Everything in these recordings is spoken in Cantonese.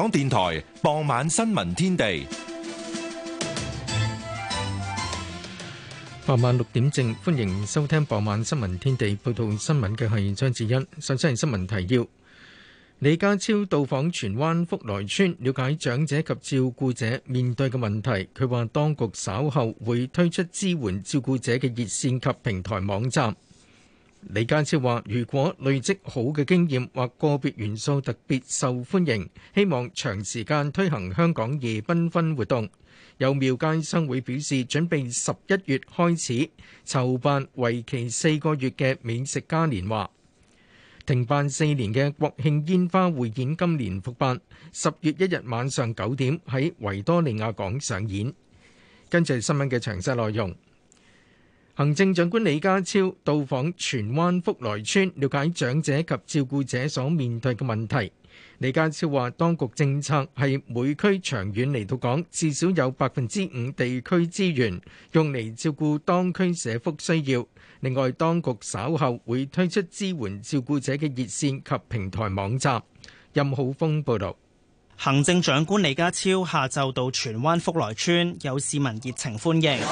港電台傍晚新聞天地，傍晚六點正，歡迎收聽傍晚新聞天地報導聞。報道新聞嘅係張志欣，首先係新聞提要。李家超到訪荃灣福來村，了解長者及照顧者面對嘅問題。佢話當局稍後會推出支援照顧者嘅熱線及平台網站。李家超話，如果累積好嘅經驗，或個別元素的特別受歡迎，希望長時間推行香港夜繽紛活動。有廟街商會表示準備行政長官李家超到訪荃灣福來邨，了解長者及照顧者所面對嘅問題。李家超話：當局政策係每區長遠嚟到講至少有百分之五地區資源用嚟照顧當區社福需要。另外，當局稍後會推出支援照顧者嘅熱線及平台網站。任浩峰報導。行政長官李家超下晝到荃灣福來邨，有市民熱情歡迎。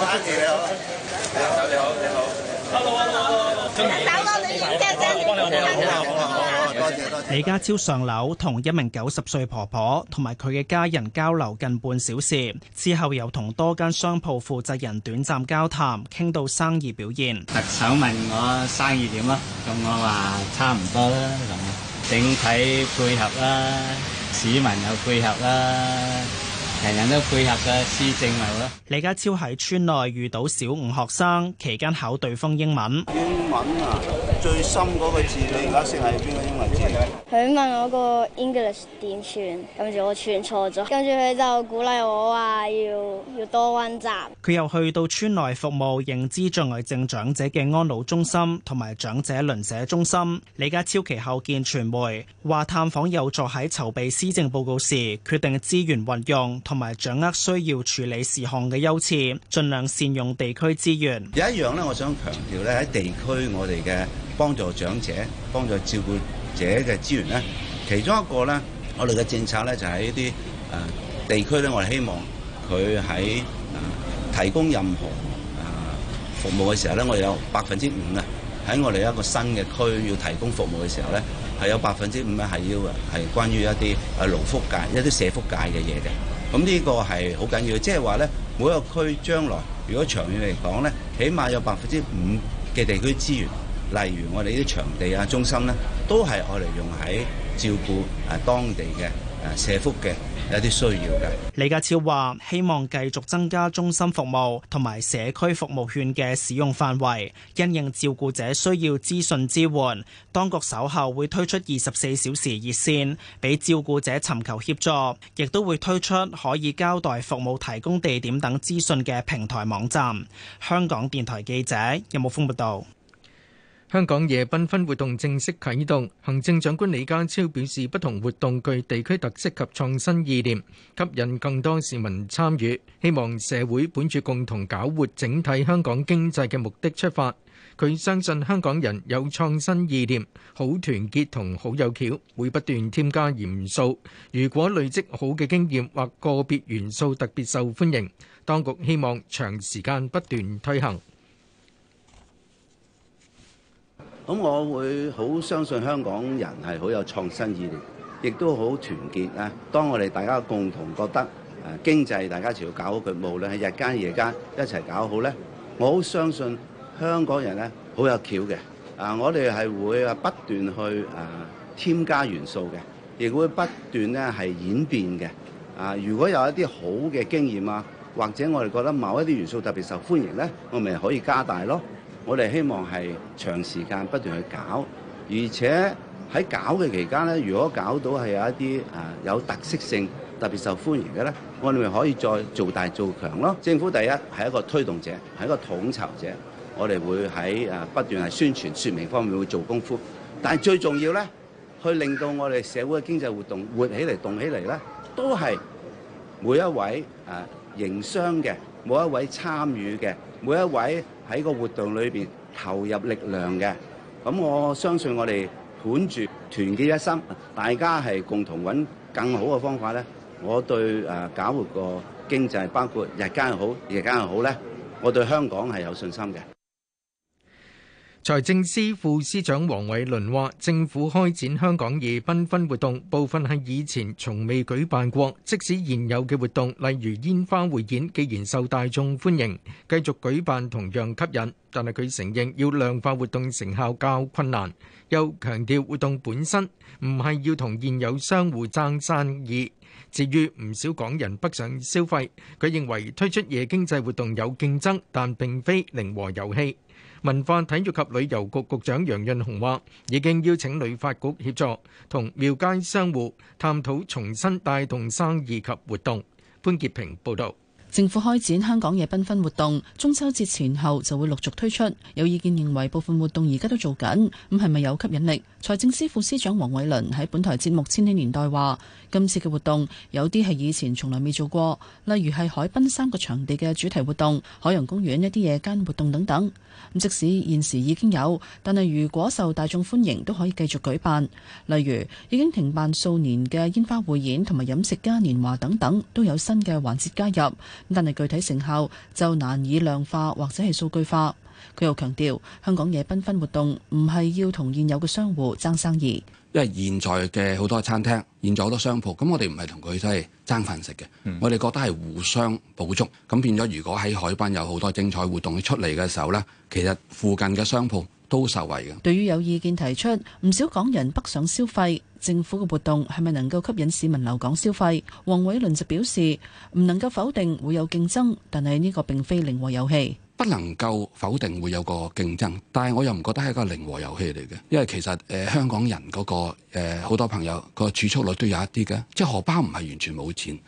李家超上樓同一名九十歲婆婆同埋佢嘅家人交流近半小時，之後又同多間商鋪負責人短暫交談，傾到生意表現。特首問我生意點咯，咁我話差唔多啦，咁整體配合啦，市民又配合啦。人人都配合嘅施政啦。李家超喺村內遇到小五學生，期間考對方英文。英文啊，最深嗰個字你而家先係邊個英文字？邊個嘅？佢問我個 English 點串，跟住我串錯咗，跟住佢就鼓勵我話要要多温習。佢又去到村內服務認知障礙症長者嘅安老中心同埋長者鄰舍中心。李家超其後見傳媒，話探訪有助喺籌備施政報告時決定資源運用。同埋掌握需要處理事項嘅優次，盡量善用地區資源。有一樣咧，我想強調咧，喺地區我哋嘅幫助長者、幫助照顧者嘅資源咧，其中一個咧，我哋嘅政策咧就係一啲誒地區咧，我哋希望佢喺提供任何誒服務嘅時候咧，我哋有百分之五啊，喺我哋一個新嘅區要提供服務嘅時候咧，係有百分之五咧係要係關於一啲誒勞福界一啲社福界嘅嘢嘅。咁呢個係好緊要，即係話呢，每一個區將來如果長遠嚟講呢，起碼有百分之五嘅地區資源，例如我哋啲場地啊、中心呢，都係愛嚟用喺照顧誒當地嘅。社福嘅有啲需要嘅。李家超話希望繼續增加中心服務同埋社區服務券嘅使用範圍，因應照顧者需要資訊支援。當局稍後會推出二十四小時熱線，俾照顧者尋求協助，亦都會推出可以交代服務提供地點等資訊嘅平台網站。香港電台記者任武峯報道。有香港夜繽紛活動正式啟動，行政長官李家超表示不同活動具地區特色及創新意念，吸引更多市民參與，希望社會本着共同搞活整體香港經濟嘅目的出發，佢相信香港人有創新意念，好團結同好有橋，會不斷添加元素，如果累積好嘅經驗或個別元素特別受歡迎，當局希望長時間不斷推行。咁我會好相信香港人係好有創新意念，亦都好團結啊！當我哋大家共同覺得誒、啊、經濟大家就要搞好佢，無論係日間夜間一齊搞好咧，我好相信香港人咧好有巧嘅啊！我哋係會不斷去誒、啊、添加元素嘅，亦會不斷咧係演變嘅啊！如果有一啲好嘅經驗啊，或者我哋覺得某一啲元素特別受歡迎咧，我咪可以加大咯。我們希望是長時間不斷去搞，而且在搞的期間呢，如果搞到是有一啲呃，有特色性特別受歡迎的呢，我們咪可以再做大做強。政府第一是一個推動者，是一個統籌者，我們會在呃，不斷係宣傳說明方面會做功夫，但係最重要呢，去令到我們社會的經濟活動活起來，動起來，都是每一位呃，營商的每一位參與的每一位喺個活動裏邊投入力量嘅，咁我相信我哋本住團結一心，大家係共同揾更好嘅方法咧。我對誒搞活個經濟，包括日間又好，夜間又好咧，我對香港係有信心嘅。財政司副司長黃偉綸話，政府開展香港夜繽紛活動，部分係以前從未舉辦過。即使現有嘅活動，例如煙花匯演，既然受大眾歡迎，繼續舉辦同樣吸引。但係佢承認要量化活動成效較困難，又強調活動本身唔係要同現有商戶爭生意。至於唔少港人北上消費，佢認為推出夜經濟活動有競爭，但並非零和遊戲。文化體育及旅遊局局長楊潤雄話：已經邀請旅發局協助，同廟街商戶探討重新帶動生意及活動。潘潔平報導。政府開展香港夜繽紛活動，中秋節前後就會陸續推出。有意見認為部分活動而家都在做緊，咁係咪有吸引力？財政司副司長黃偉綸喺本台節目《千禧年代》話：今次嘅活動有啲係以前從來未做過，例如係海濱三個場地嘅主題活動、海洋公園一啲夜間活動等等。咁即使現時已經有，但係如果受大眾歡迎，都可以繼續舉辦。例如已經停辦數年嘅煙花匯演同埋飲食嘉年華等等，都有新嘅環節加入。但係具體成效就難以量化或者係數據化。佢又強調，香港夜繽紛活動唔係要同現有嘅商戶爭生意，因為現在嘅好多餐廳，現在好多商鋪，咁我哋唔係同佢真係爭飯食嘅，我哋覺得係互相補足。咁變咗，如果喺海濱有好多精彩活動出嚟嘅時候呢，其實附近嘅商鋪都受惠嘅。對於有意見提出，唔少港人北上消費，政府嘅活動係咪能夠吸引市民留港消費？黃偉綸就表示，唔能夠否定會有競爭，但係呢個並非零和遊戲。不能夠否定會有個競爭，但係我又唔覺得係一個零和遊戲嚟嘅，因為其實誒、呃、香港人嗰、那個好、呃、多朋友個儲蓄率都有一啲嘅，即係荷包唔係完全冇錢。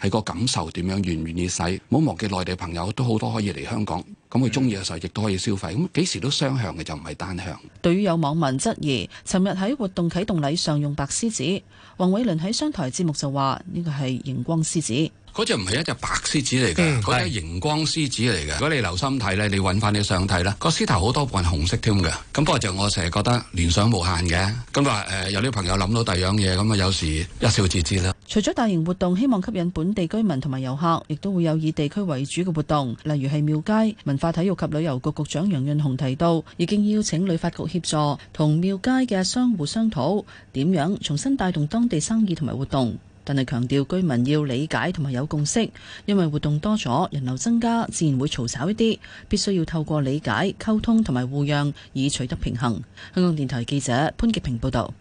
係個感受點樣，願唔願意使。唔好忘記內地朋友都好多可以嚟香港咁，佢鍾意嘅時候亦都可以消費。咁幾時都雙向嘅，就唔係單向。對於有網民質疑，尋日喺活動啟動禮上用白獅子，黃偉倫喺商台節目就話呢個係熒光獅子。嗰隻唔係一隻白獅子嚟嘅，嗰隻係熒光獅子嚟嘅。如果你留心睇咧，你揾翻你相睇啦。個獅頭好多部分紅色添嘅。咁不過就我成日覺得聯想無限嘅。咁話誒，有啲朋友諗到第二樣嘢，咁啊有時一笑置之啦。除咗大型活動，希望吸引本地居民同埋遊客，亦都會有以地區為主嘅活動，例如係廟街。文化體育及旅遊局局長楊潤雄提到，已經邀請旅發局協助同廟街嘅商戶商討點樣重新帶動當地生意同埋活動。但係強調居民要理解同埋有共識，因為活動多咗，人流增加，自然會嘈吵一啲，必須要透過理解、溝通同埋互讓，以取得平衡。香港電台記者潘潔平報導。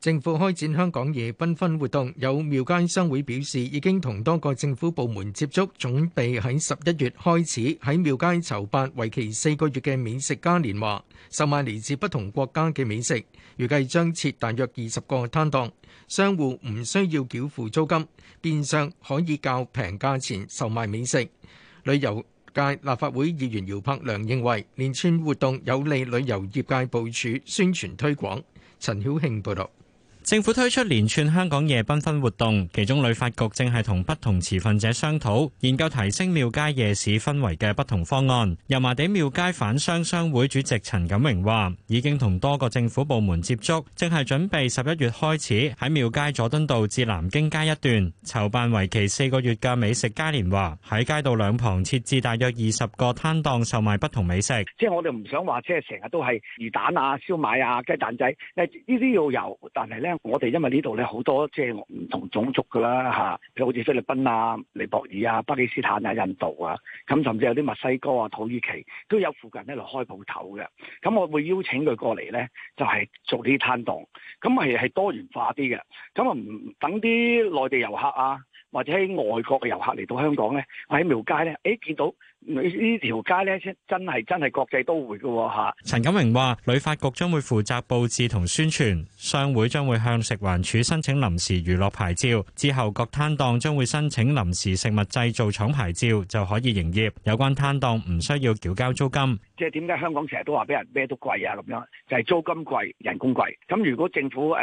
政府開展香港夜繽紛活動，有廟街商會表示，已經同多個政府部門接觸，準備喺十一月開始喺廟街籌辦，為期四個月嘅美食嘉年華，售賣嚟自不同國家嘅美食，預計將設大約二十個攤檔。商戶唔需要繳付租金，變相可以較平價錢售賣美食。旅遊界立法會議員姚柏良認為，連串活動有利旅遊業界部署宣傳推廣，陳曉慶報道。政府推出連串香港夜繽紛活動，其中旅發局正係同不同持份者商討，研究提升廟街夜市氛圍嘅不同方案。油麻地廟街反商商會主席陳錦榮話，已經同多個政府部門接觸，正係準備十一月開始喺廟街佐敦道至南京街一段籌辦，為期四個月嘅美食嘉年華，喺街道兩旁設置大約二十個攤檔，售賣不同美食。即係我哋唔想話，即係成日都係魚蛋啊、燒賣啊、雞蛋仔，呢啲要有。但係咧。我哋因為呢度咧，好多即係唔同種族噶啦嚇，啊、譬如好似菲律賓啊、尼泊爾啊、巴基斯坦啊、印度啊，咁甚至有啲墨西哥啊、土耳其都有附近喺度開鋪頭嘅。咁我會邀請佢過嚟咧，就係做啲攤檔。咁係係多元化啲嘅。咁啊唔等啲內地遊客啊，或者喺外國嘅遊客嚟到香港咧，喺廟街咧，誒見到。呢條街咧真真係真係國際都會嘅嚇、啊。陳錦榮話：旅發局將會負責佈置同宣傳，商會將會向食環署申請臨時娛樂牌照，之後各攤檔將會申請臨時食物製造廠牌照就可以營業。有關攤檔唔需要繳交租金。即係點解香港成日都話俾人咩都貴啊咁樣？就係、是、租金貴、人工貴。咁如果政府誒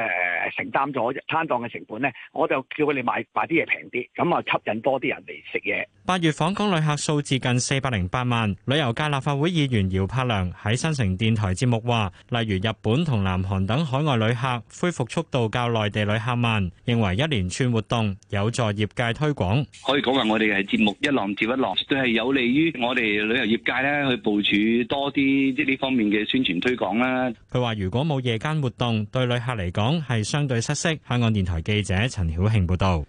承擔咗攤檔嘅成本咧，我就叫佢哋賣賣啲嘢平啲，咁啊吸引多啲人嚟食嘢。八月訪港旅客數字近四百零八萬，旅遊界立法會議員姚柏良喺新城電台節目話，例如日本同南韓等海外旅客恢復速度較內地旅客慢，認為一連串活動有助業界推廣。可以講話我哋係節目一浪接一浪，都係有利於我哋旅遊業界咧去部署多啲即係呢方面嘅宣傳推廣啦。佢話：如果冇夜間活動，對旅客嚟講係相對失色。香港電台記者陳曉慶報道。。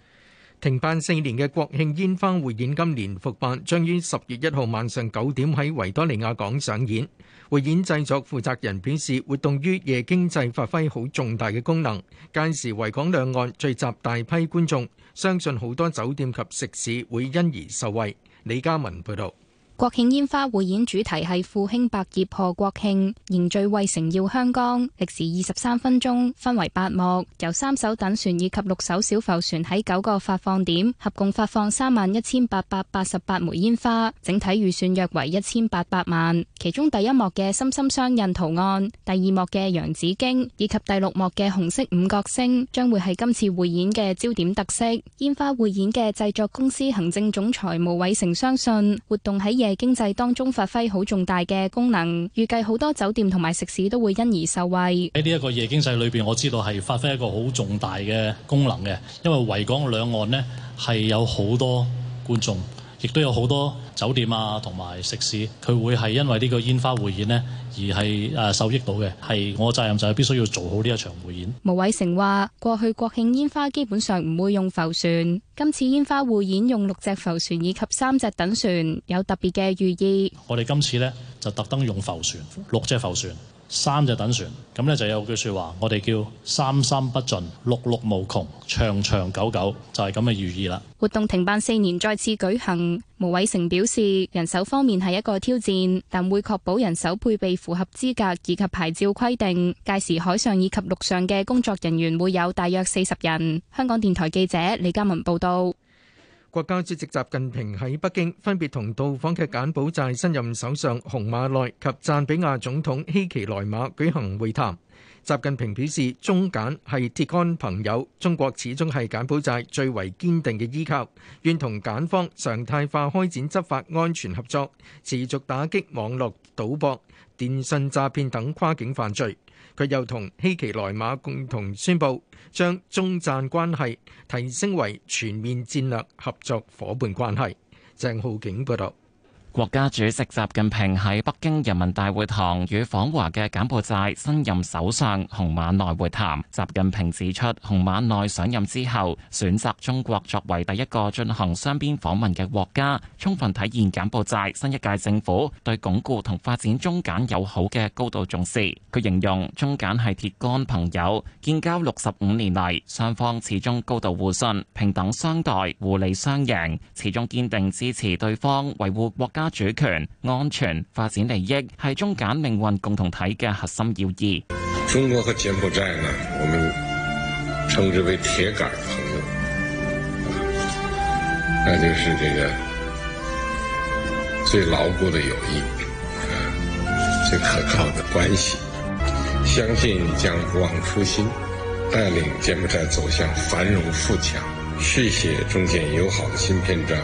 停辦四年嘅國慶煙花匯演今年復辦，將於十月一號晚上九點喺維多利亞港上演。匯演製作負責人表示，活動於夜經濟發揮好重大嘅功能，屆時維港兩岸聚集大批觀眾，相信好多酒店及食肆會因而受惠。李嘉文報道。國慶煙花匯演主題係富興百業賀國慶，凝聚惠城耀香江」。歷時二十三分鐘，分為八幕，由三艘躉船以及六艘小浮船喺九個發放點合共發放三萬一千八百八十八枚煙花，整體預算約為一千八百萬。其中第一幕嘅心心相印圖案、第二幕嘅洋紫荊以及第六幕嘅紅色五角星，將會係今次匯演嘅焦點特色。煙花匯演嘅製作公司行政總裁吳偉成相信，活動喺嘅經濟當中發揮好重大嘅功能，預計好多酒店同埋食肆都會因而受惠。喺呢一個夜經濟裏邊，我知道係發揮一個好重大嘅功能嘅，因為維港兩岸呢係有好多觀眾。亦都有好多酒店啊，同埋食肆，佢會係因為呢個煙花匯演咧，而係誒受益到嘅。係我責任就係必須要做好呢一場匯演。毛偉成話過去國慶煙花基本上唔會用浮船，今次煙花匯演用六隻浮船以及三隻等船，有特別嘅寓意。我哋今次咧，就特登用浮船，六隻浮船。三隻就等船，咁呢就有句說話，我哋叫三三不盡，六六無窮，長長久久」，就係咁嘅寓意啦。活動停辦四年再次舉行，毛偉成表示人手方面係一個挑戰，但會確保人手配備符合資格以及牌照規定。屆時海上以及陸上嘅工作人員會有大約四十人。香港電台記者李嘉文報道。國家主席習近平喺北京分別同到訪嘅柬埔寨新任首相洪馬內及贊比亞總統希奇萊馬舉行會談。習近平表示，中柬係鐵杆朋友，中國始終係柬埔寨最為堅定嘅依靠，願同柬方常態化開展執法安全合作，持續打擊網絡賭博、電信詐騙等跨境犯罪。佢又同希奇萊馬共同宣布，將中贊關係提升為全面戰略合作伙伴關係。鄭浩景報道。國家主席習近平喺北京人民大會堂與訪華嘅柬埔寨新任首相洪瑪奈會談。習近平指出，洪瑪奈上任之後選擇中國作為第一個進行雙邊訪問嘅國家，充分體現柬埔寨新一屆政府對鞏固同發展中柬友好嘅高度重視。佢形容中柬係鐵桿朋友，建交六十五年嚟雙方始終高度互信、平等相待、互利雙贏，始終堅定支持對方維護國家主權、安全、發展利益係中柬命運共同體嘅核心要義。中國和柬埔寨呢，我們稱之為鐵桿朋友，那就是這個最牢固的友誼、最可靠的關係。相信將不忘初心，帶領柬埔寨走向繁榮富強，續寫中柬友好的新篇章。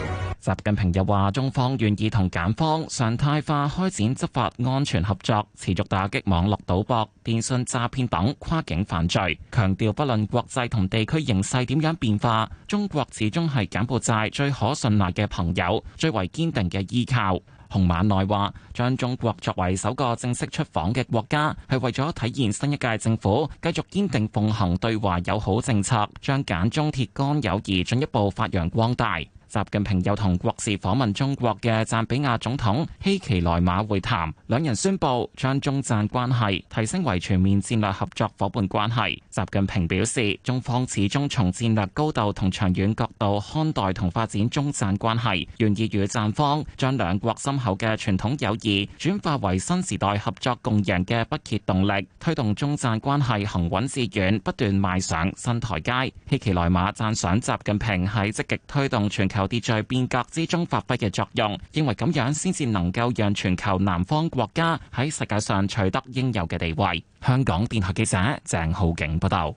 習近平又話中方願意同柬方常態化開展執法安全合作，持續打擊網絡賭博、電信詐騙等跨境犯罪。強調不論國際同地區形勢點樣變化，中國始終係柬埔寨最可信賴嘅朋友，最為堅定嘅依靠。洪馬內話將中國作為首個正式出訪嘅國家，係為咗體現新一屆政府繼續堅定奉行對華友好政策，將柬中鐵杆友誼進一步發揚光大。習近平又同國事訪問中國嘅贊比亞總統希奇萊馬會談，兩人宣布將中贊關係提升為全面戰略合作夥伴關係。習近平表示，中方始終從戰略高度同長遠角度看待同發展中贊關係，願意與贊方將兩國深厚嘅傳統友誼轉化為新時代合作共贏嘅不竭動力，推動中贊關係行穩致遠，不斷邁上新台階。希奇萊馬贊賞習近平喺積極推動全球。跌在變革之中發揮嘅作用，認為咁樣先至能夠讓全球南方國家喺世界上取得應有嘅地位。香港電台記者鄭浩景報道。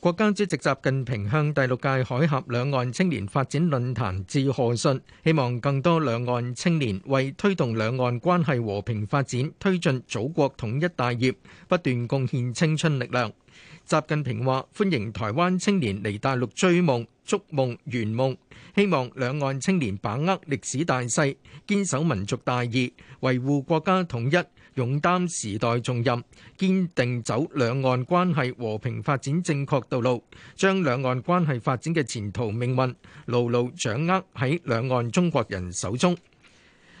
國家主席習近平向第六屆海峽兩岸青年發展論壇致賀信，希望更多兩岸青年為推動兩岸關係和平發展、推進祖國統一大業，不斷貢獻青春力量。習近平話：歡迎台灣青年嚟大陸追夢、築夢、圓夢。希望兩岸青年把握歷史大勢，堅守民族大義，維護國家統一，勇擔時代重任，堅定走兩岸關係和平發展正確道路，將兩岸關係發展嘅前途命運牢牢掌握喺兩岸中國人手中。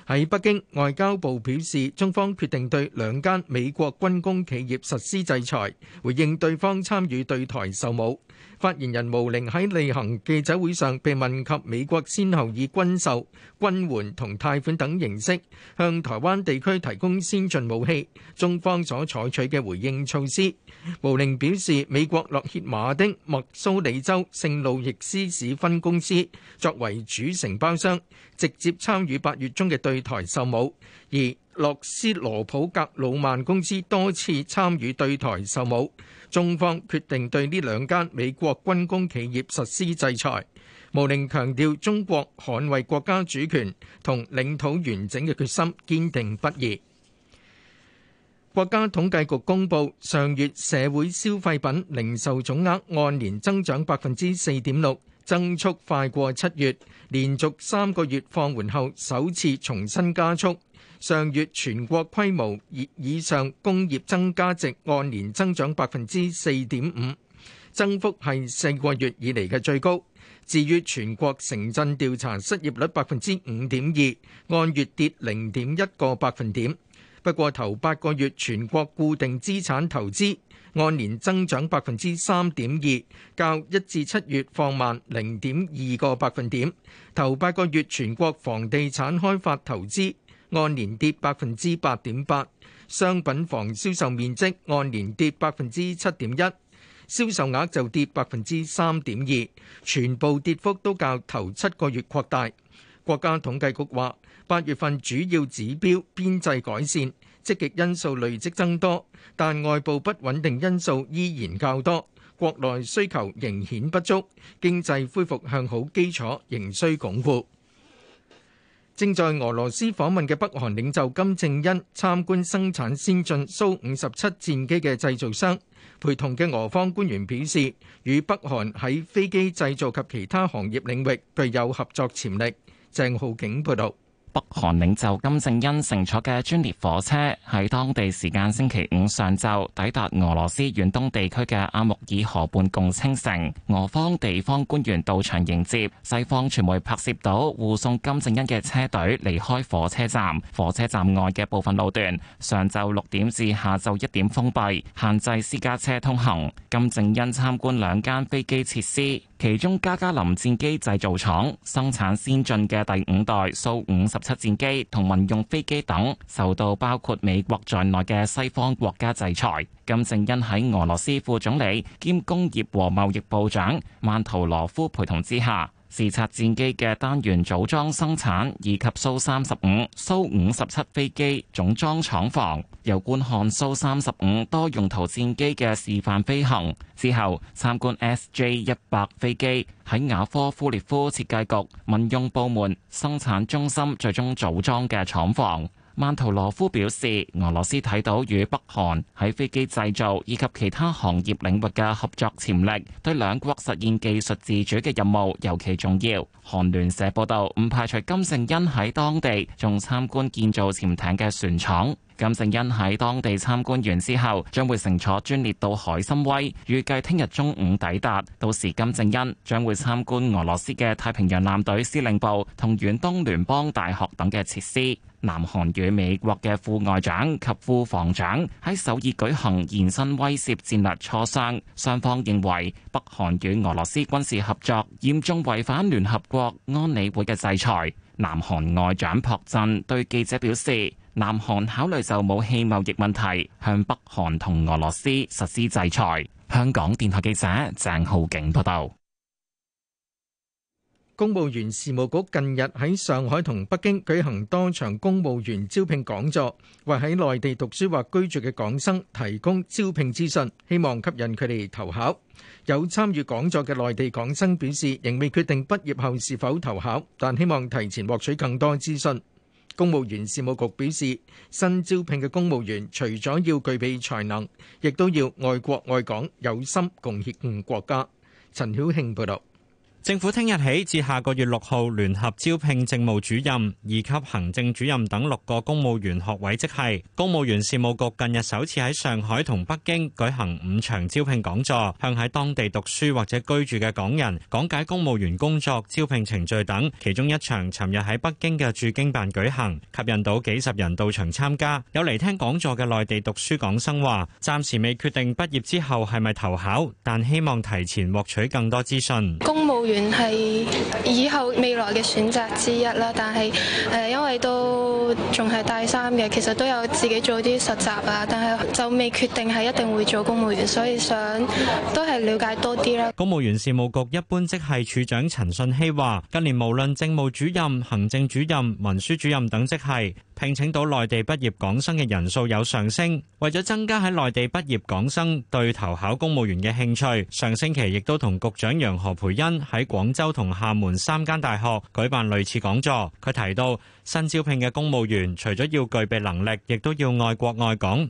喺北京，外交部表示，中方決定對兩間美國軍工企業實施制裁，回應對方參與對台售武。發言人毛寧喺例行記者會上被問及美國先後以軍售、軍援同貸款等形式向台灣地區提供先進武器，中方所採取嘅回應措施。毛寧表示，美國洛歇馬丁密蘇里州聖路易斯市分公司作為主承包商，直接參與八月中嘅對台售武；而洛斯羅普格魯曼公司多次參與對台售武。中方決定對呢兩間美國軍工企業實施制裁。毛寧強調，中國捍衛國家主權同領土完整嘅決心堅定不移。國家統計局公布，上月社會消費品零售總額按年增長百分之四點六，增速快過七月，連續三個月放緩後首次重新加速。上月全國規模以以上工業增加值按年增長百分之四點五，增幅係四個月以嚟嘅最高。至於全國城鎮調查失業率百分之五點二，按月跌零點一個百分點。不過頭八個月全國固定資產投資按年增長百分之三點二，較一至七月放慢零點二個百分點。頭八個月全國房地產開發投資按年跌百分之八點八，商品房銷售面積按年跌百分之七點一，銷售額就跌百分之三點二，全部跌幅都較頭七個月擴大。國家統計局話，八月份主要指標邊際改善，積極因素累積增多，但外部不穩定因素依然較多，國內需求仍顯不足，經濟恢復向好基礎仍需鞏固。正在俄羅斯訪問嘅北韓領袖金正恩參觀生產先進蘇五十七戰機嘅製造商，陪同嘅俄方官員表示，與北韓喺飛機製造及其他行業領域具有合作潛力。鄭浩景報道。北韓領袖金正恩乘坐嘅專列火車喺當地時間星期五上晝抵達俄羅斯遠東地區嘅阿穆爾河畔共青城，俄方地方官員到場迎接。西方傳媒拍攝到護送金正恩嘅車隊離開火車站，火車站外嘅部分路段上晝六點至下晝一點封閉，限制私家車通行。金正恩參觀兩間飛機設施。其中，加加林戰機製造廠生產先進嘅第五代蘇五十七戰機同民用飛機等，受到包括美國在內嘅西方國家制裁。金正恩喺俄羅斯副總理兼工業和貿易部長曼圖羅夫陪同之下，視察戰機嘅單元組裝生產，以及蘇三十五、蘇五十七飛機總裝廠房，又觀看蘇三十五多用途戰機嘅示範飛行之後，參觀 SJ 一百飛機喺雅科夫列夫設計局民用部門生產中心最終組,組裝嘅廠房。曼圖羅夫表示，俄羅斯睇到與北韓喺飛機製造以及其他行業領域嘅合作潛力，對兩國實現技術自主嘅任務尤其重要。韓聯社報道，唔排除金正恩喺當地仲參觀建造潛艇嘅船廠。金正恩喺當地參觀完之後，將會乘坐專列到海參崴，預計聽日中午抵達。到時金正恩將會參觀俄羅斯嘅太平洋艦隊司令部同遠東聯邦大學等嘅設施。南韓與美國嘅副外長及副防長喺首爾舉行延伸威脅戰略磋商，雙方認為北韓與俄羅斯軍事合作嚴重違反聯合國安理會嘅制裁。南韓外長朴振對記者表示，南韓考慮就武器貿易問題向北韓同俄羅斯實施制裁。香港電台記者鄭浩景報道。公務員事務局近日喺上海同北京舉行多場公務員招聘講座，為喺內地讀書或居住嘅港生提供招聘資訊，希望吸引佢哋投考。有參與講座嘅內地港生表示，仍未決定畢業後是否投考，但希望提前獲取更多資訊。公務員事務局表示，新招聘嘅公務員除咗要具備才能，亦都要愛國愛港，有心共協務國家。陳曉慶報道。政府聽日起至下個月六號聯合招聘，政務主任、二級行政主任等六個公務員學位職系。公務員事務局近日首次喺上海同北京舉行五場招聘講座，向喺當地讀書或者居住嘅港人講解公務員工作、招聘程序等。其中一場尋日喺北京嘅駐京辦舉行，吸引到幾十人到場參加。有嚟聽講座嘅內地讀書港生話，暫時未決定畢業之後係咪投考，但希望提前獲取更多資訊。公公務員係以後未來嘅選擇之一啦，但係誒因為都仲係大三嘅，其實都有自己做啲實習啊，但係就未決定係一定會做公務員，所以想都係了解多啲啦。公務員事務局一般職系處長陳順希話，近年無論政務主任、行政主任、文書主任等職系。聘請到內地畢業港生嘅人數有上升，為咗增加喺內地畢業港生對投考公務員嘅興趣，上星期亦都同局長楊何蓓茵喺廣州同廈門三間大學舉辦類似講座，佢提到新招聘嘅公務員除咗要具備能力，亦都要愛國愛港。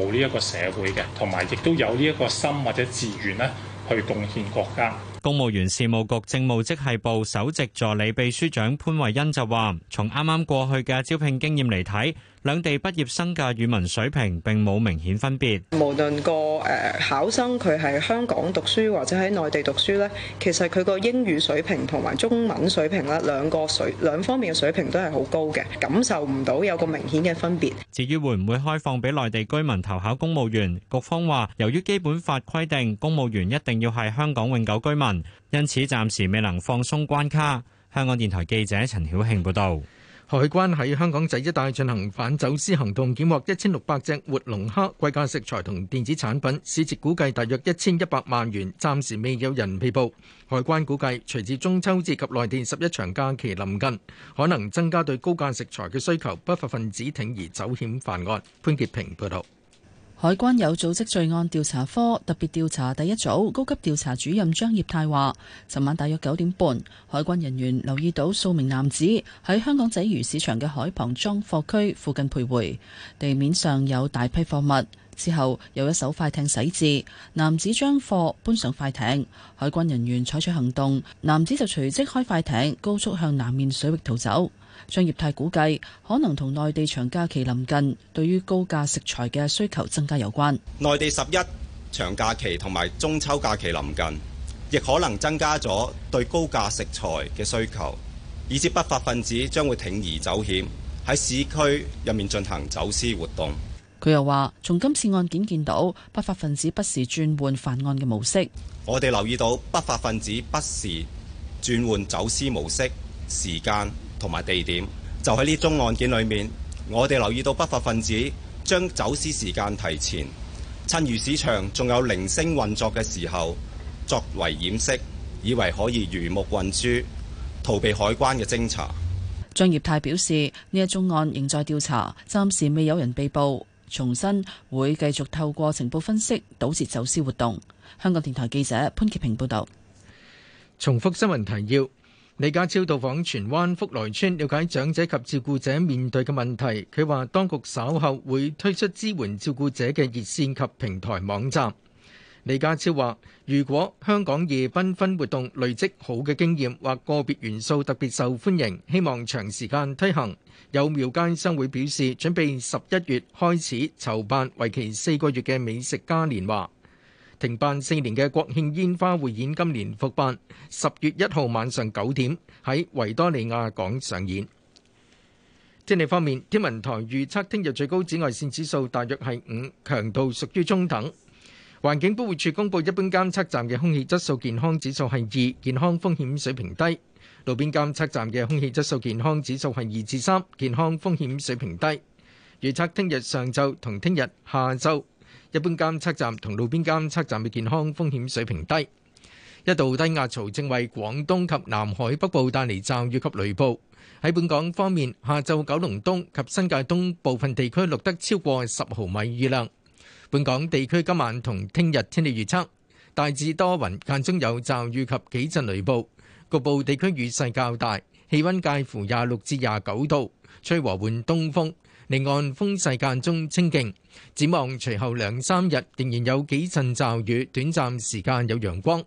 冇呢一個社會嘅，同埋亦都有呢一個心或者志願咧，去貢獻國家。公務員事務局政務職系部首席助理秘書長潘慧欣就話，從啱啱過去嘅招聘經驗嚟睇，兩地畢業生嘅語文水平並冇明顯分別。無論個考生佢係香港讀書或者喺內地讀書咧，其實佢個英語水平同埋中文水平兩方面嘅水平都係好高嘅，感受唔到有個明顯嘅分別。至於會唔會開放俾內地居民投考公務員，局方話由於基本法規定公務員一定要係香港永久居民，因此暫時未能放鬆關卡。香港電台記者陳曉慶報道。海關喺香港仔一帶進行反走私行動，檢獲一千六百隻活龍蝦、貴價食材同電子產品，市值估計大約一千一百萬元，暫時未有人被捕。海關估計，隨住中秋節及內地十一長假期臨近，可能增加對高價食材嘅需求，不法分子鋌而走險犯案。潘潔平報道。海關有組織罪案調查科特別調查第一組高級調查主任張業泰話，尋晚大約九點半，海關人員留意到數名男子喺香港仔魚市場嘅海旁裝貨區附近徘徊，地面上有大批貨物。之後有一艘快艇駛至，男子將貨搬上快艇，海關人員採取行動，男子就隨即開快艇高速向南面水域逃走。商業態估計可能同內地長假期臨近，對於高價食材嘅需求增加有關。內地十一長假期同埋中秋假期臨近，亦可能增加咗對高價食材嘅需求，以致不法分子將會鋌而走險喺市區入面進行走私活動。佢又話，從今次案件見到不法分子不時轉換犯案嘅模式。我哋留意到不法分子不時轉換走私模式時間。同埋地點就喺呢宗案件裏面，我哋留意到不法分子將走私時間提前，趁魚市場仲有零星運作嘅時候作為掩飾，以為可以魚目混珠，逃避海關嘅偵查。張業泰表示，呢一宗案仍在調查，暫時未有人被捕。重申會繼續透過情報分析，堵截走私活動。香港電台記者潘潔平報道。重複新聞提要。李家超到訪荃灣福來邨了解長者及照顧者面對嘅問題。佢話：當局稍後會推出支援照顧者嘅熱線及平台網站。李家超話：如果香港夜繽紛活動累積好嘅經驗或個別元素特別受歡迎，希望長時間推行。有廟街商會表示，準備十一月開始籌辦，為期四個月嘅美食嘉年華。停辦四年嘅國慶煙花匯演今年復辦，十月一號晚上九點喺維多利亞港上演。天氣方面，天文台預測聽日最高紫外線指數大約係五，強度屬於中等。環境保護署公佈一般監測站嘅空氣質素健康指數係二，健康風險水平低；路邊監測站嘅空氣質素健康指數係二至三，健康風險水平低。預測聽日上晝同聽日下晝。一般監測站同路邊監測站嘅健康風險水平低。一道低壓槽正為廣東及南海北部帶嚟驟雨及雷暴。喺本港方面，下晝九龍東及新界東部分地區錄得超過十毫米雨量。本港地區今晚同聽日天氣預測大致多雲，間中有驟雨及幾陣雷暴，局部地區雨勢較大，氣温介乎廿六至廿九度，吹和緩東風。離岸風勢間中清勁，展望隨後兩三日仍然有幾陣驟雨，短暫時間有陽光。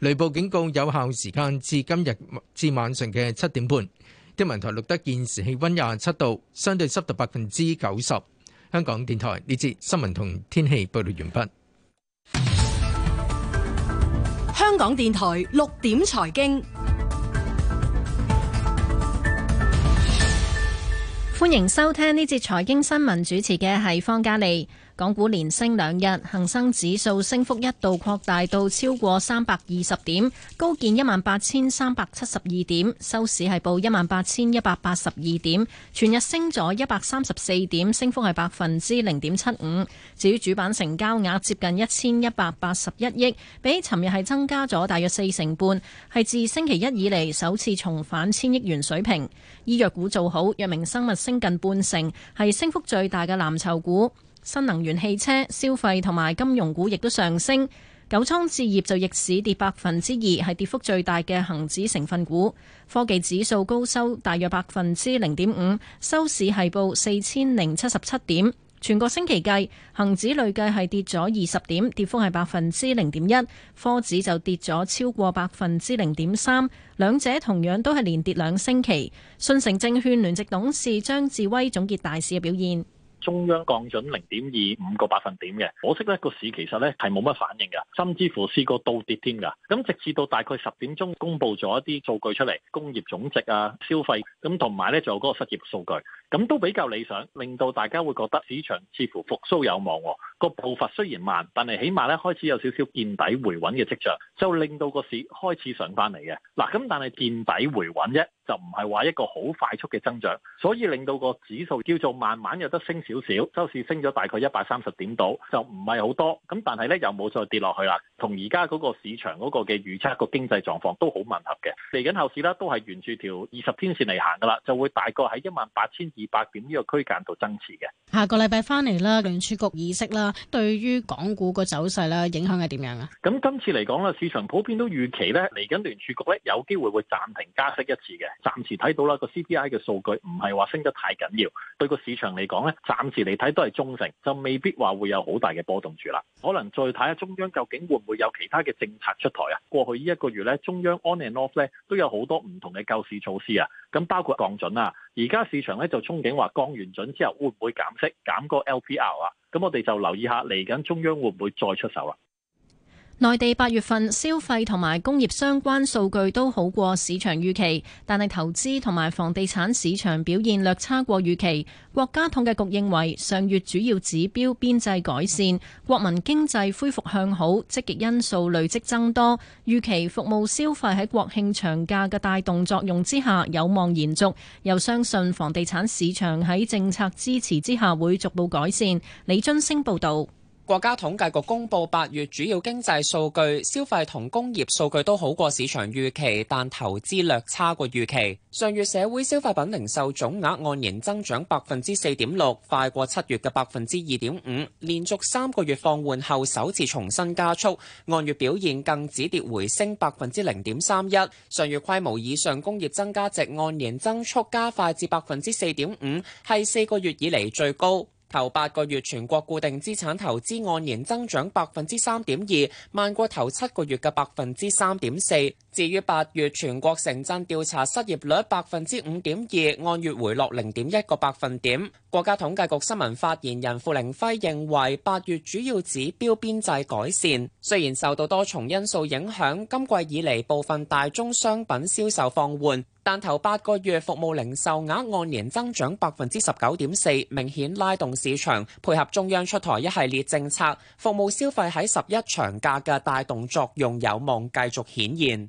雷暴警告有效時間至今日至晚上嘅七點半。天文台錄得現時氣温廿七度，相對濕度百分之九十。香港電台呢節新聞同天氣報道完畢。香港電台六點財經。歡迎收聽呢節財經新聞，主持嘅係方嘉利。港股連升兩日，恒生指數升幅一度擴大到超過三百二十點，高見一萬八千三百七十二點，收市係報一萬八千一百八十二點，全日升咗一百三十四點，升幅係百分之零點七五。至於主板成交額接近一千一百八十一億，比尋日係增加咗大約四成半，係自星期一以嚟首次重返千億元水平。醫藥股做好，藥明生物升近半成，係升幅最大嘅藍籌股。新能源汽車消費同埋金融股亦都上升。九倉置業就逆市跌百分之二，係跌幅最大嘅恒指成分股。科技指數高收大約百分之零點五，收市係報四千零七十七點。全個星期計，恒指累計係跌咗二十點，跌幅係百分之零點一。科指就跌咗超過百分之零點三，兩者同樣都係連跌兩星期。信誠證券聯席董事張志威總結大市嘅表現。中央降準零點二五個百分點嘅，可惜咧個市其實咧係冇乜反應㗎，甚至乎試過倒跌添㗎。咁直至到大概十點鐘，公布咗一啲數據出嚟，工業總值啊、消費咁同埋咧仲有嗰個失業數據。咁都比較理想，令到大家會覺得市場似乎復甦有望。個步伐雖然慢，但係起碼咧開始有少少見底回穩嘅跡象，就令到個市開始上翻嚟嘅。嗱、啊，咁但係見底回穩啫，就唔係話一個好快速嘅增長，所以令到個指數叫做慢慢有得升少少，收市升咗大概一百三十點到，就唔係好多。咁但係咧又冇再跌落去啦，同而家嗰個市場嗰個嘅預測個經濟狀況都好吻合嘅。嚟緊後市啦，都係沿住條二十天線嚟行噶啦，就會大概喺一萬八千二，八點呢個區間度增持嘅。下個禮拜翻嚟啦，聯儲局議息啦，對於港股個走勢咧，影響係點樣啊？咁今次嚟講咧，市場普遍都預期咧，嚟緊聯儲局咧有機會會暫停加息一次嘅。暫時睇到啦，個 CPI 嘅數據唔係話升得太緊要，對個市場嚟講咧，暫時嚟睇都係中性，就未必話會有好大嘅波動住啦。可能再睇下中央究竟會唔會有其他嘅政策出台啊？過去呢一個月咧，中央 on and off 咧都有好多唔同嘅救市措施啊，咁包括降準啊。而家市場咧就憧憬話降完準之後會唔會減息，減個 LPR 啊？咁我哋就留意下嚟緊中央會唔會再出手啊？內地八月份消費同埋工業相關數據都好過市場預期，但係投資同埋房地產市場表現略差過預期。國家統計局認為，上月主要指標邊際改善，國民經濟恢復向好，積極因素累積增多。預期服務消費喺國慶長假嘅帶動作用之下有望延續，又相信房地產市場喺政策支持之下會逐步改善。李津升報導。國家統計局公布八月主要經濟數據，消費同工業數據都好過市場預期，但投資略差過預期。上月社會消費品零售總額按年增長百分之四點六，快過七月嘅百分之二點五，連續三個月放緩後首次重新加速。按月表現更止跌回升百分之零點三一。上月規模以上工業增加值按年增速加快至百分之四點五，係四個月以嚟最高。頭八個月全國固定資產投資按年增長百分之三點二，慢過頭七個月嘅百分之三點四。至於八月全國城鎮調查失業率百分之五點二，按月回落零點一個百分點。國家統計局新聞發言人付凌暉認為，八月主要指標邊際改善，雖然受到多重因素影響，今季以嚟部分大宗商品銷售放緩，但頭八個月服務零售額按年增長百分之十九點四，明顯拉動市場。配合中央出台一系列政策，服務消費喺十一長假嘅帶動作用有望繼續顯現。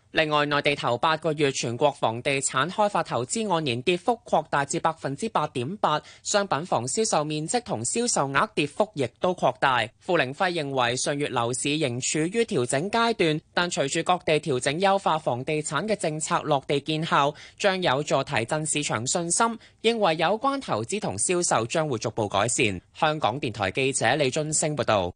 另外，內地頭八個月全國房地產開發投資按年跌幅擴大至百分之八點八，商品房銷售面積同銷售額跌幅亦都擴大。傅凌輝認為上月樓市仍處於調整階段，但隨住各地調整優化房地產嘅政策落地見效，將有助提振市場信心，認為有關投資同銷售將會逐步改善。香港電台記者李津升報道。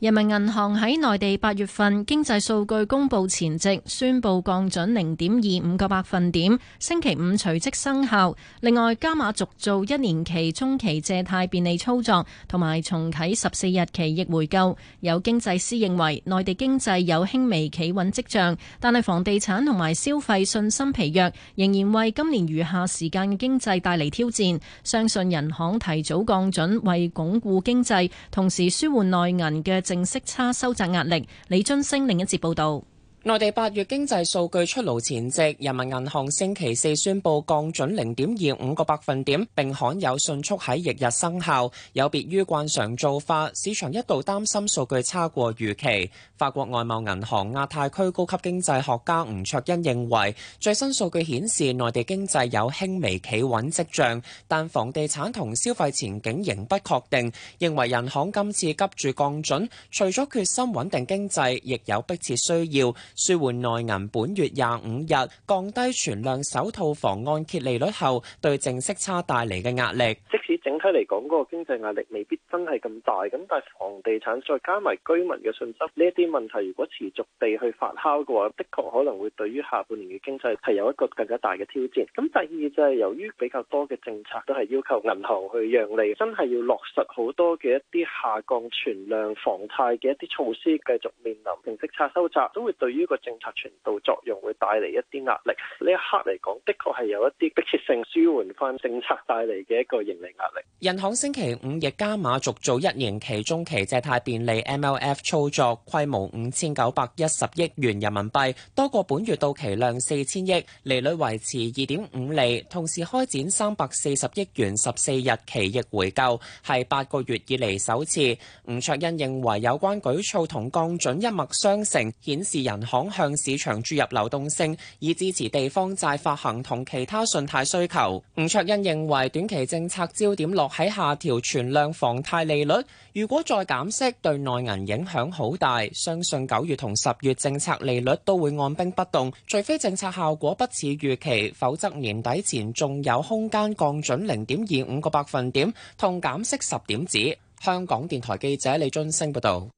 人民銀行喺內地八月份經濟數據公布前夕宣布降準零點二五個百分點，星期五隨即生效。另外加碼續做一年期中期借貸便利操作，同埋重啟十四日期逆回購。有經濟師認為內地經濟有輕微企穩跡象，但係房地產同埋消費信心疲弱，仍然為今年餘下時間嘅經濟帶嚟挑戰。相信人行提早降準為鞏固經濟，同時舒緩內銀嘅。息差收窄壓力。李津升另一節報導。內地八月經濟數據出爐前夕，人民銀行星期四宣布降準零點二五個百分點，并罕有迅速喺翌日生效。有別於慣常做法，市場一度擔心數據差過預期。法國外貿銀行亞太區高級經濟學家吳卓恩認為，最新數據顯示內地經濟有輕微企穩跡象，但房地產同消費前景仍不確定。認為銀行今次急住降準，除咗決心穩定經濟，亦有迫切需要。舒緩內銀本月廿五日降低存量首套房按揭利率後，對淨息差帶嚟嘅壓力。即使整體嚟講，嗰個經濟壓力未必真係咁大，咁但係房地產再加埋居民嘅信心呢一啲問題，如果持續地去發酵嘅話，的確可能會對於下半年嘅經濟係有一個更加大嘅挑戰。咁第二就係由於比較多嘅政策都係要求銀行去讓利，真係要落實好多嘅一啲下降存量房貸嘅一啲措施，繼續面臨淨息差收窄，都會對於呢個政策傳導作用會帶嚟一啲壓力。呢一刻嚟講，的確係有一啲迫切性，舒緩翻政策帶嚟嘅一個盈利壓力。人行星期五亦加碼續做一年期、中期借貸便利 MLF 操作，規模五千九百一十億元人民幣，多過本月到期量四千億，利率維持二點五厘。同時開展三百四十億元十四日期逆回購，係八個月以嚟首次。吳卓恩認為有關舉措同降準一脈相承，顯示人港向市場注入流動性，以支持地方債發行同其他信貸需求。吳卓恩認為短期政策焦點落喺下調存量房貸利率，如果再減息，對內銀影響好大。相信九月同十月政策利率都會按兵不動，除非政策效果不似預期，否則年底前仲有空間降準零點二五個百分點同減息十點子。香港電台記者李津升報道。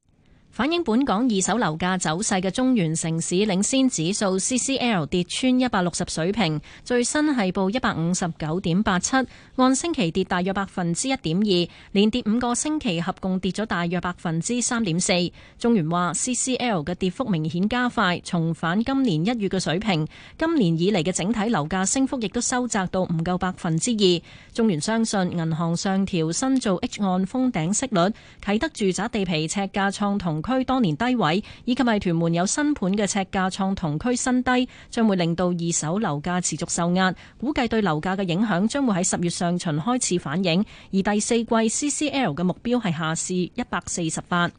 反映本港二手樓價走勢嘅中原城市領先指數 CCL 跌穿一百六十水平，最新係報一百五十九點八七，按星期跌大約百分之一點二，連跌五個星期，合共跌咗大約百分之三點四。中原話：CCL 嘅跌幅明顯加快，重返今年一月嘅水平。今年以嚟嘅整體樓價升幅亦都收窄到唔夠百分之二。中原相信銀行上調新造 H 按封頂息率，啟德住宅地皮尺價創同區當年低位，以及係屯門有新盤嘅尺價創同區新低，將會令到二手樓價持續受壓，估計對樓價嘅影響將會喺十月上旬開始反映，而第四季 CCL 嘅目標係下試一百四十八。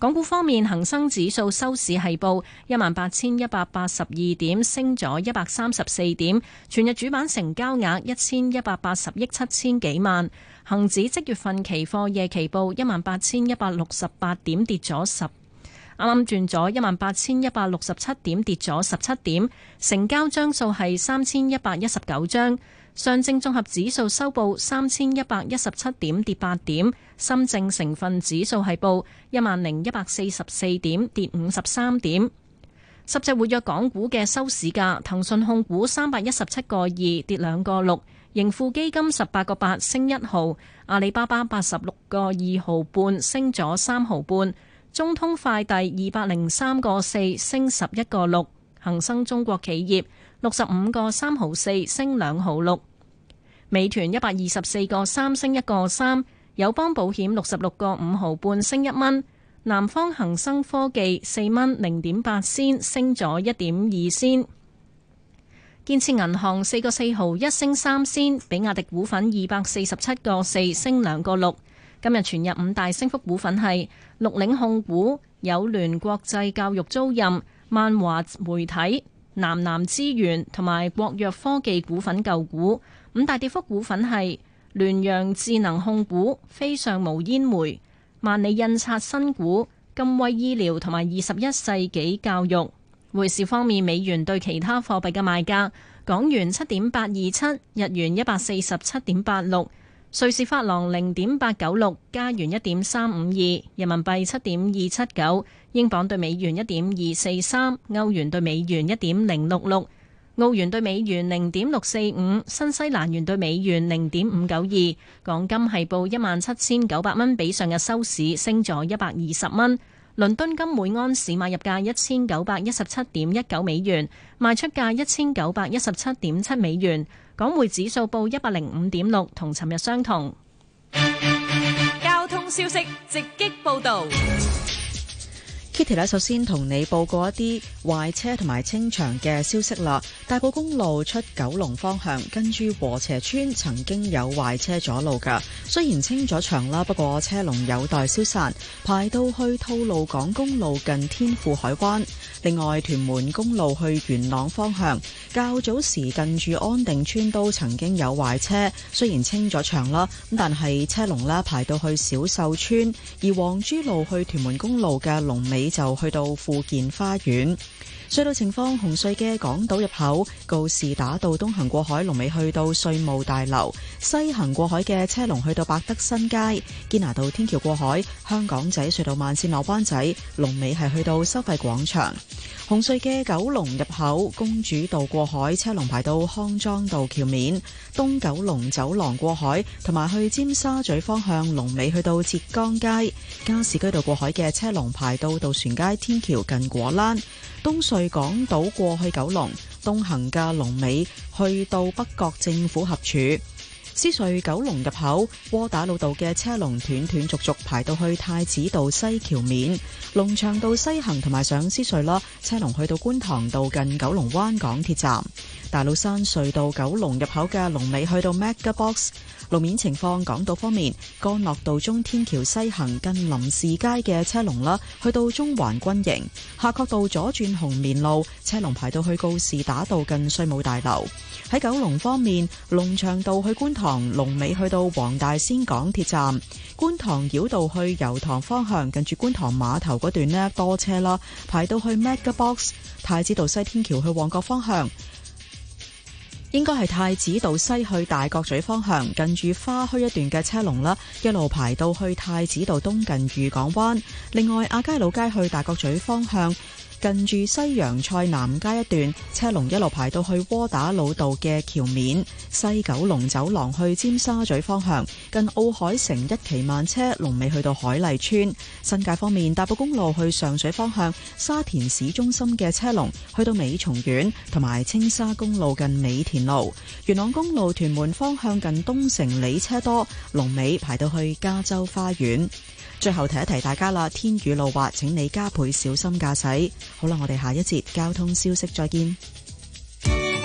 港股方面，恒生指數收市係報一萬八千一百八十二點，升咗一百三十四點。全日主板成交額一千一百八十億七千幾萬。恒指即月份期貨夜期報一萬八千一百六十八點，跌咗十。啱啱轉咗一萬八千一百六十七點，跌咗十七點。成交張數係三千一百一十九張。上證綜合指數收報三千一百一十七點，跌八點；深證成分指數係報一萬零一百四十四點，跌五十三點。十隻活躍港股嘅收市價：騰訊控股三百一十七個二，跌兩個六；盈富基金十八個八，升一毫；阿里巴巴八十六個二毫半，升咗三毫半；中通快遞二百零三個四，升十一個六；恒生中國企業。六十五個三毫四升兩毫六，美團一百二十四個三升一個三，友邦保險六十六個五毫半升一蚊，南方恒生科技四蚊零點八仙升咗一點二仙，建設銀行四個四毫一升三仙，比亞迪股份二百四十七個四升兩個六，今日全日五大升幅股份係綠領控股、友聯國際教育租賃、萬華媒體。南南資源同埋國藥科技股份舊股五大跌幅股份係聯洋智能控股、飛尚無煙煤、萬里印刷新股、金威醫療同埋二十一世紀教育。匯市方面，美元對其他貨幣嘅賣價，港元七點八二七，日元一百四十七點八六。瑞士法郎零點八九六，加元一點三五二，人民幣七點二七九，英鎊兌美元一點二四三，歐元兌美元一點零六六，澳元兌美元零點六四五，新西蘭元兌美元零點五九二。港金係報一萬七千九百蚊，比上日收市升咗一百二十蚊。倫敦金每安士買入價一千九百一十七點一九美元，賣出價一千九百一十七點七美元。港匯指數報一百零五點六，同尋日相同。交通消息直擊報道。今天咧，首先同你報告一啲壞車同埋清場嘅消息啦。大埔公路出九龍方向，跟住禾輋邨曾經有壞車阻路㗎，雖然清咗場啦，不過車龍有待消散，排到去吐露港公路近天富海關。另外，屯門公路去元朗方向，較早時近住安定村都曾經有壞車，雖然清咗場啦，咁但係車龍啦排到去小秀村，而皇珠路去屯門公路嘅龍尾。就去到富健花園隧道情況，紅隧嘅港島入口。告士打道東行過海，龍尾去到稅務大樓；西行過海嘅車龍去到百德新街堅拿道天橋過海，香港仔隧道慢綫落灣仔，龍尾係去到收費廣場，紅隧嘅九龍入口公主道過海，車龍排到康莊道橋面東九龍走廊過海，同埋去尖沙咀方向龍尾去到浙江街加士居道過海嘅車龍排到渡船街天橋近果欄，東隧港島過去九龍。東行嘅龍尾去到北角政府合署，獅隧九龍入口窩打老道嘅車龍斷斷續續排到去太子道西橋面，龍翔道西行同埋上獅隧啦，車龍去到觀塘道近九龍灣港鐵站。大老山隧道九龍入口嘅龍尾去到 Mega Box。路面情況。港島方面，干諾道中天橋西行近林士街嘅車龍啦，去到中環軍營下角道左轉紅棉路車龍排到去告士打道近稅務大樓。喺九龍方面，龍翔道去觀塘龍尾去到黃大仙港鐵站，觀塘繞道去油塘方向近住觀塘碼頭嗰段呢，多車啦，排到去 Mega Box。太子道西天橋去旺角方向。應該係太子道西去大角咀方向，近住花墟，一段嘅車龍啦，一路排到去太子道東近譽港灣。另外，亞皆老街去大角咀方向。近住西洋菜南街一段，車龍一路排到去窩打老道嘅橋面；西九龍走廊去尖沙咀方向，近奧海城一期慢車龍尾去到海麗村。新界方面，大埔公路去上水方向，沙田市中心嘅車龍去到美松苑，同埋青沙公路近美田路，元朗公路屯門方向近東城里車多，龍尾排到去加州花園。最後提一提大家啦，天雨路滑，請你加倍小心駕駛。好啦，我哋下一節交通消息再見。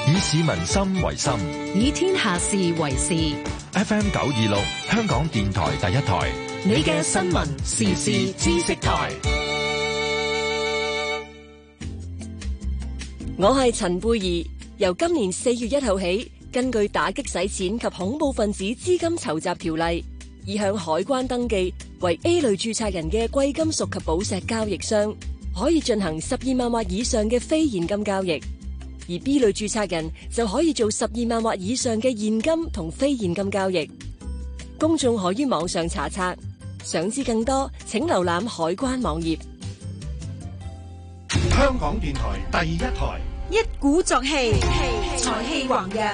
以市民心為心，以天下事為事。F M 九二六，香港電台第一台，你嘅新聞時事知識台。我係陳貝兒，由今年四月一號起，根據打擊洗錢及恐怖分子資金籌集條例。已向海關登記為 A 類註冊人嘅貴金屬及寶石交易商，可以進行十二萬或以上嘅非現金交易；而 B 類註冊人就可以做十二萬或以上嘅現金同非現金交易。公眾可於網上查冊，想知更多，請瀏覽海關網頁。香港電台第一台，一鼓作氣，氣氣才氣旺嘅。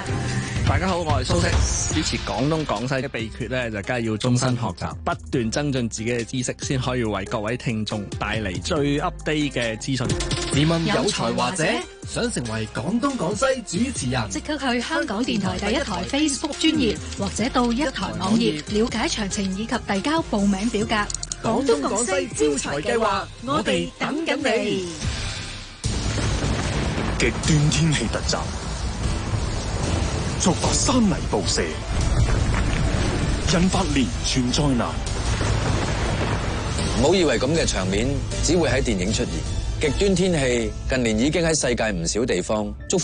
大家好，我係蘇西，主持廣東廣西嘅秘訣咧，就梗係，要終身學習，不斷增進自己嘅知識，先可以為各位聽眾帶嚟最 update 嘅資訊。你問有才華者，想成為廣東廣西主持人，即刻去香港電台第一台 Facebook 專頁，或者到一台網頁了解詳情以及遞交報名表格。廣東廣西招才計劃，我哋等緊你。極端天氣特集。觸發山泥暴射，引發連串災難。唔好以為咁嘅場面只會喺電影出現，極端天氣近年已經喺世界唔少地方。